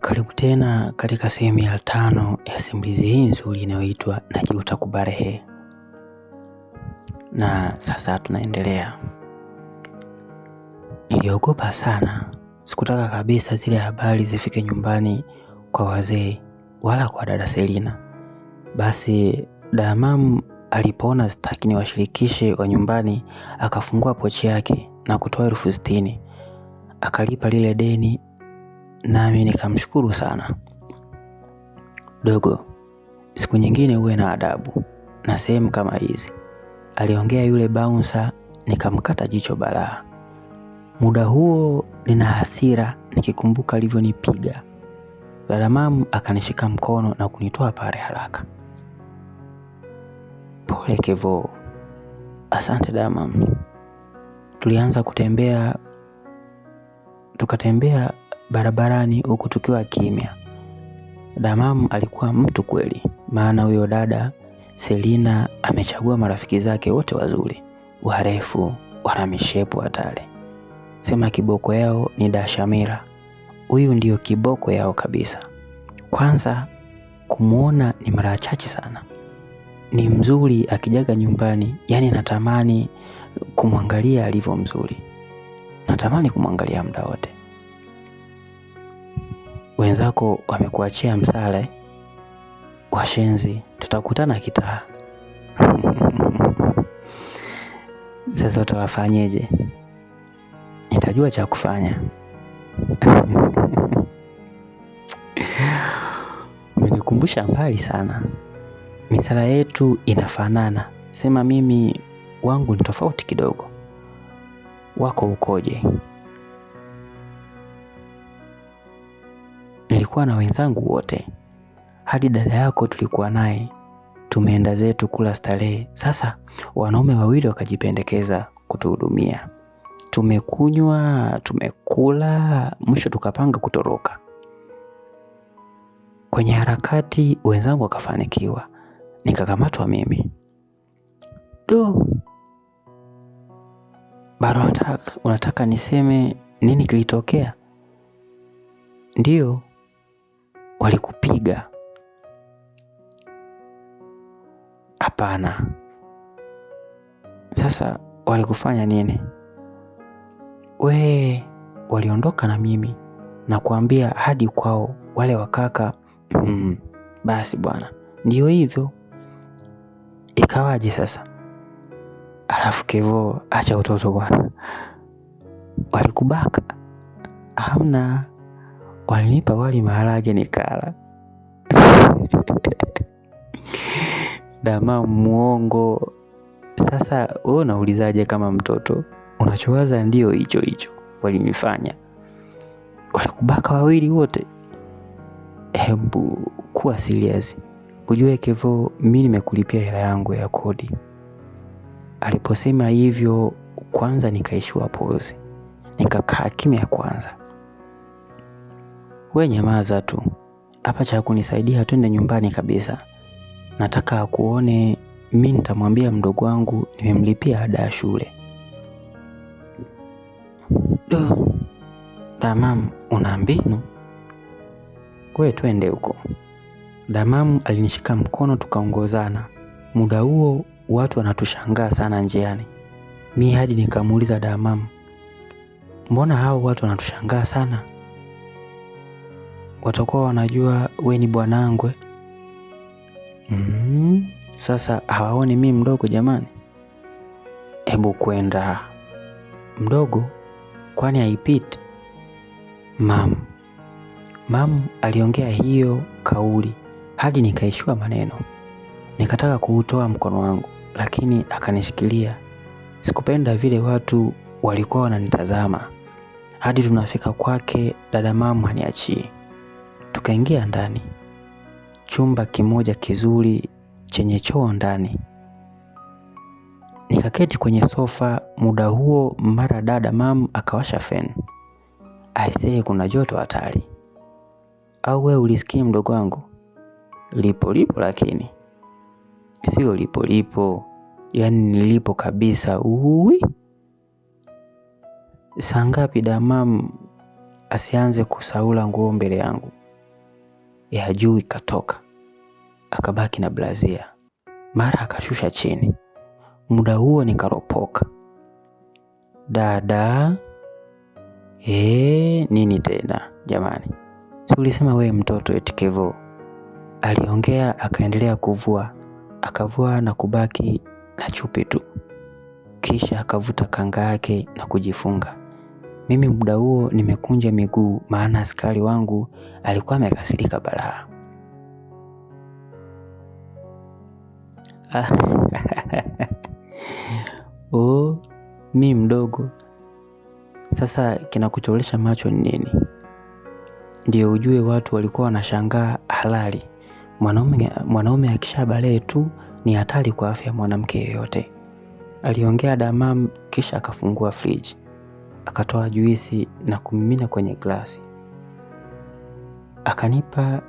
Karibu tena katika sehemu ya tano ya simulizi hii nzuri inayoitwa Najuta Kubarehe, na sasa tunaendelea. Niliogopa sana, sikutaka kabisa zile habari zifike nyumbani kwa wazee wala kwa dada Selina. Basi Damamu alipoona sitaki niwashirikishe wa nyumbani, akafungua pochi yake na kutoa elfu sitini akalipa lile deni nami nikamshukuru sana. Dogo, siku nyingine uwe na adabu na sehemu kama hizi, aliongea yule bouncer. Nikamkata jicho balaa. Muda huo nina hasira nikikumbuka alivyonipiga. Dada Mamu akanishika mkono na kunitoa pale haraka. Pole Kevo. Asante dada Mamu. Tulianza kutembea, tukatembea barabarani huku tukiwa kimya. Damamu alikuwa mtu kweli, maana huyo dada Selina amechagua marafiki zake wote wazuri, warefu, wana mishepo hatari. Sema kiboko yao ni Dashamira. Huyu ndiyo kiboko yao kabisa. Kwanza kumwona ni mara chache sana. Ni mzuri akijaga nyumbani, yaani natamani kumwangalia alivyo mzuri, natamani kumwangalia muda wote wenzako wamekuachia msale, washenzi, tutakutana kitaa. Sasa utawafanyeje? Nitajua cha kufanya. Umenikumbusha mbali sana, misala yetu inafanana. Sema mimi wangu ni tofauti kidogo, wako ukoje? nilikuwa na wenzangu wote, hadi dada yako tulikuwa naye, tumeenda zetu kula starehe. Sasa wanaume wawili wakajipendekeza kutuhudumia, tumekunywa, tumekula, mwisho tukapanga kutoroka. Kwenye harakati wenzangu wakafanikiwa, nikakamatwa mimi. Du, bado unataka niseme nini kilitokea? Ndiyo, walikupiga? Hapana. Sasa walikufanya nini? We waliondoka na mimi na kuambia hadi kwao wale wakaka. Mm, basi bwana, ndio hivyo. Ikawaje sasa? Alafu Kevo, acha utoto bwana, walikubaka? Hamna walinipa wali maharage nikala. Dama muongo. Sasa wewe unaulizaje kama mtoto? Unachowaza ndio hicho hicho walinifanya. Walikubaka wawili wote. Hebu kuwa serious. Ujue Kevo, mimi nimekulipia hela yangu ya kodi. Aliposema hivyo, kwanza nikaishiwa pozi nikakaa kimya kwanza, We nyamaza tu hapa, cha kunisaidia twende nyumbani kabisa. Nataka akuone, mi nitamwambia mdogo wangu nimemlipia ada ya shule. Do Damam, una mbinu we, twende huko. Damamu alinishika mkono tukaongozana. Muda huo watu wanatushangaa sana njiani, mi hadi nikamuuliza Damamu, mbona hao watu wanatushangaa sana? watakuwa wanajua we ni bwanangwe. Mm, sasa hawaoni mi mdogo jamani? Hebu kwenda mdogo, kwani haipiti? Mamu mamu aliongea hiyo kauli hadi nikaishiwa maneno, nikataka kuutoa mkono wangu, lakini akanishikilia. Sikupenda vile watu walikuwa wananitazama. Hadi tunafika kwake dada mamu haniachii. Tukaingia ndani, chumba kimoja kizuri chenye choo ndani. Nikaketi kwenye sofa muda huo, mara dada mam akawasha fen Aisee, kuna joto hatari! Au wewe ulisikia mdogo wangu? Lipo lipo, lakini sio lipo lipo, yaani nilipo kabisa. Uwi, saa ngapi damamu asianze kusaula nguo mbele yangu ya juu ikatoka, akabaki na blazia. Mara akashusha chini. Muda huo nikaropoka, dada ee, nini tena jamani, si ulisema wewe mtoto eti Kevo? Aliongea akaendelea kuvua, akavua na kubaki na chupi tu, kisha akavuta kanga yake na kujifunga. Mimi muda huo nimekunja miguu maana askari wangu alikuwa amekasirika balaa. Oh, mi mdogo. Sasa kinakucholesha macho ni nini? Ndio ujue watu walikuwa wanashangaa halali. Mwanaume akisha balee tu ni hatari kwa afya ya mwanamke yoyote Aliongea Damam kisha akafungua friji akatoa juisi na kumimina kwenye glasi, akanipa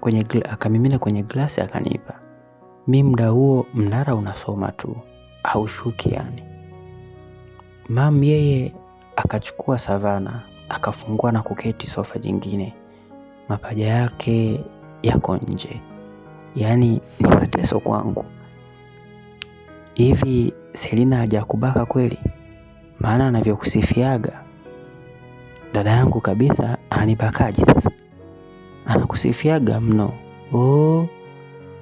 kwenye, akamimina kwenye glasi akanipa mi. Muda huo mnara unasoma tu haushuki yani. Mam yeye akachukua savana akafungua na kuketi sofa jingine, mapaja yake yako nje, yaani ni mateso kwangu. Hivi Selina hajakubaka kweli? maana anavyokusifiaga dada yangu kabisa ananipakaji sasa, anakusifiaga mno oh,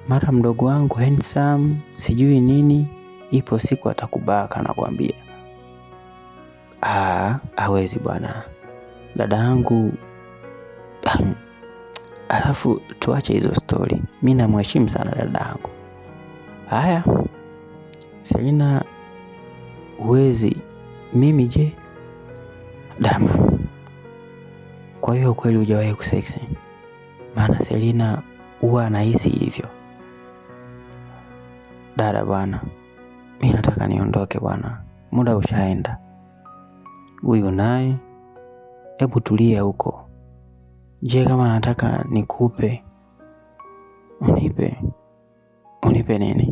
mara mdogo wangu hensam sijui nini. Ipo siku atakubaka nakwambia. Ah, hawezi bwana, dada yangu alafu tuache hizo stori, mi namuheshimu sana dada yangu. Haya Selina, huwezi mimi je? Dama, kwa hiyo kweli hujawahi kuseksi? Maana Selina huwa anahisi hivyo. Dada bwana, mi nataka niondoke bwana, muda ushaenda. Huyu naye, hebu tulia huko. Je, kama nataka nikupe unipe unipe nini?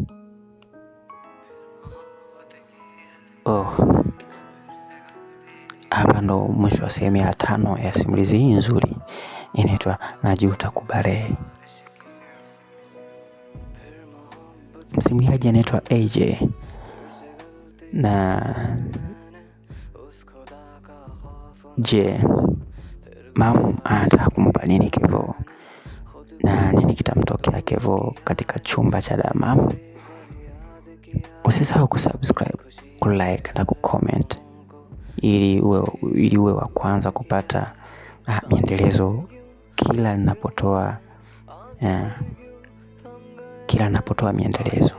Hapa ndo mwisho wa sehemu ya tano ya simulizi hii nzuri inaitwa Najuta Kubalee. Msimuliaji anaitwa AJ na je, mam anataka kumpa nini Kevo na nini kitamtokea Kevo katika chumba cha damu? Usisahau kusubscribe, kulike na kucomment ili uwe, ili uwe wa kwanza kupata ah, miendelezo kila ninapotoa eh, kila ninapotoa miendelezo.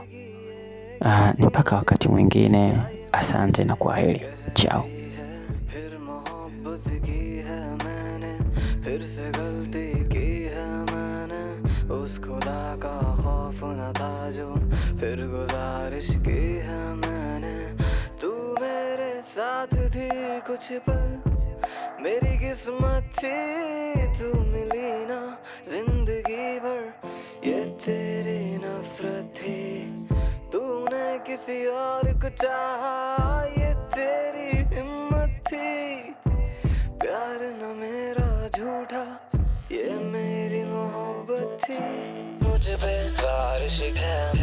Ah, ni mpaka wakati mwingine. Asante na kwa heri, chao. कुछ पल मेरी किस्मत थी तू मिली ना जिंदगी भर ये तेरी नफरत थी तूने किसी और को चाहा ये तेरी हिम्मत थी प्यार न मेरा झूठा ये मेरी मोहब्बत थी मुझ पे बारिश है